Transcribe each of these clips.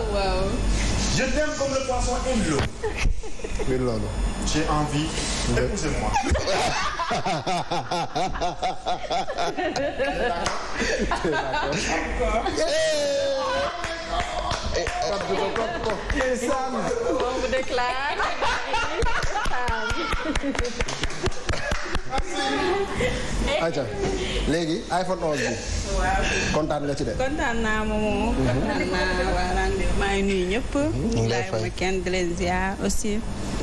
waaw waaw. je t'aime comme le poisson aime l'eau. mbir loolu. j'ai envie. épousez-moi. ayca léegi iPhone 11 bi. waaw kontaan nga ci de. kontaan naa moom. Mhm. kontaan naa waaw ñëpp. ñu ngi lay fay ñu ngi lay kenn di leen ziar aussi.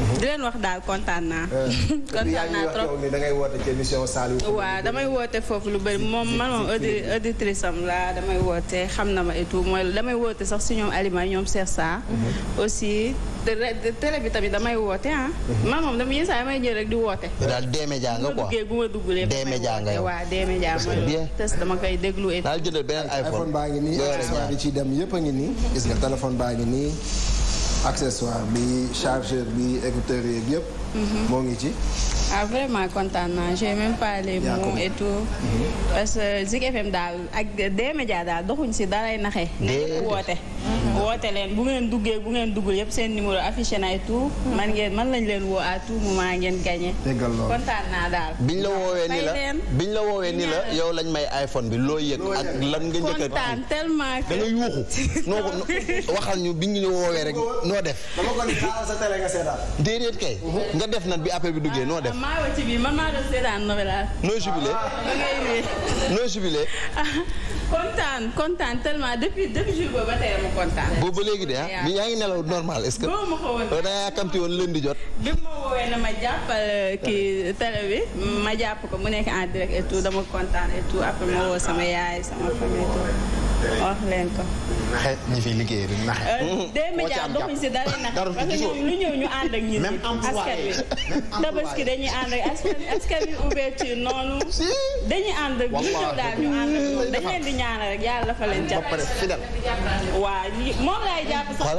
di leen wax daal kontaan naa. Eh. kontaan naa trop da ngay woote ci émission Saliou. waaw damay woote foofu lu bëri moom man moom audi auditrice am laa damay woote xam na ma et tout mooy damay woote sax si ñoom aliment ñoom Cheikh Sarr. Mhm. aussi de télé bi tamit damay woote ah. Mhm. man moom dama yenn saa damay jël rek di woote. daal D-Média nga quoi bu ma duggee bu ma duggulee. nga yow waaw dama koy déglu et. daal jëndal beneen iPhone. baa ngi nii ak ci dem yëpp a ngi nii. gis nga téléphone baa ngi nii. accessoire bi chargeur bi écouteur yeeg yëpp. Mhm. moo ngi ci. a ah, vraiment kontaan naa j'ai même pas les mots et mm-hmm. parce que Zik FM daal ak D-Media daal doxuñ si dalay naxe. déedéet leen bu ngeen duggee bu ngeen duggul yëpp seen numéro affiché na et tout. Mm-hmm. ngeen man lañ leen woo à tout moment ngeen gagné. déggal loolu daal. biñ la woowee ni la biñ la woowee ni yow lañ may iPhone bi loo yëg. lan nga njëkk a kontaan tellement que da nga yuuxu noo ñu biñ ñu rek noo def. dama sa télé nga seetaan. Mm-hmm. def nag bi appel bi duggee noo def. maa ngi ci biir man maa doon seetaan Novelas. noo jubilé ah, noo kontaan kontaan tellement depuis depuis jour boobu ba tey ma kontaan. boobu léegi de ah bi yaa ngi nelaw normal est-ce que. boo ma ko woon da ngaa jot. bi ma woowee na ma jàppal euh, kii télé bi ma jàpp ko mu nekk en direct et dama kontaan et après ma woo sama yaay sama famille et wax leen ko. naxe ñi fiy liggéeyee du naxe. boo euh, ci am jàpp parce que ñoom lu ñëw ñu ànd ak ñun. même emploi yi askan wi ànd ak askan ouverture noonu. dañuy ànd ak ñu daal ñu ànd rek yàlla dafa leen jàpp. ba pare fidèle. moom laay jàpp sax.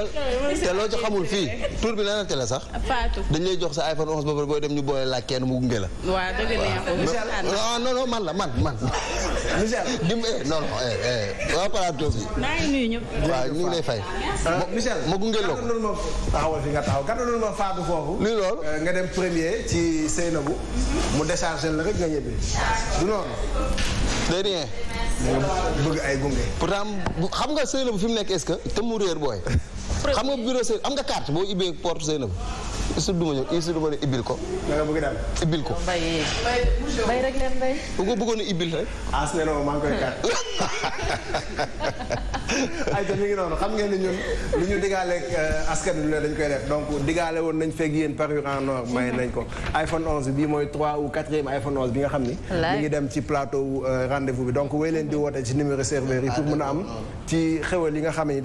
te loo ci xamul fii tur bi lan la sax. Fatou dañ lay jox sa iPhone 11 ba pare booy dem ñu boole la kenn mu gunge la. waaw dëgg la ah, non non man la man man. Michel. dimbali non non waa plateau bi. maa ngi nuyu ñëpp. waaw ñu ngi lay fay. Michel ma gunge la ko. ma taxawal fi nga taxaw gàttalul ma faatu foofu. luy loolu euh, nga dem premier ci Seynabou mu déchargé la rek nga ñëbbi. du noonu. day rien. bëgg ay gunge. pourtant xam nga Seynabou fi mu nekk est-ce que te mu réer booy. xam nga bureau Seynabou am nga carte su duma ñëw su duma ne ibbil ko. na nga bëgg daal ibbil ko. bay bay rek leen bay. bu ko bëggoon a rek. ah ne la maa ngi koy gàtt. ay te mi noonu xam ngeen ne ñu lu ñu digaaleeg euh, askan wi dañ koy def donc digaale woon nañ fekk yéen par en or may ko iPhone 11 bii mooy 3 ou 4e bi nga xam ni. mi ngi dem ci plateau euh, rendez-vous bi donc wéy leen di woote ci numéro serveur yi pour mën a am ci xewal yi nga xam ni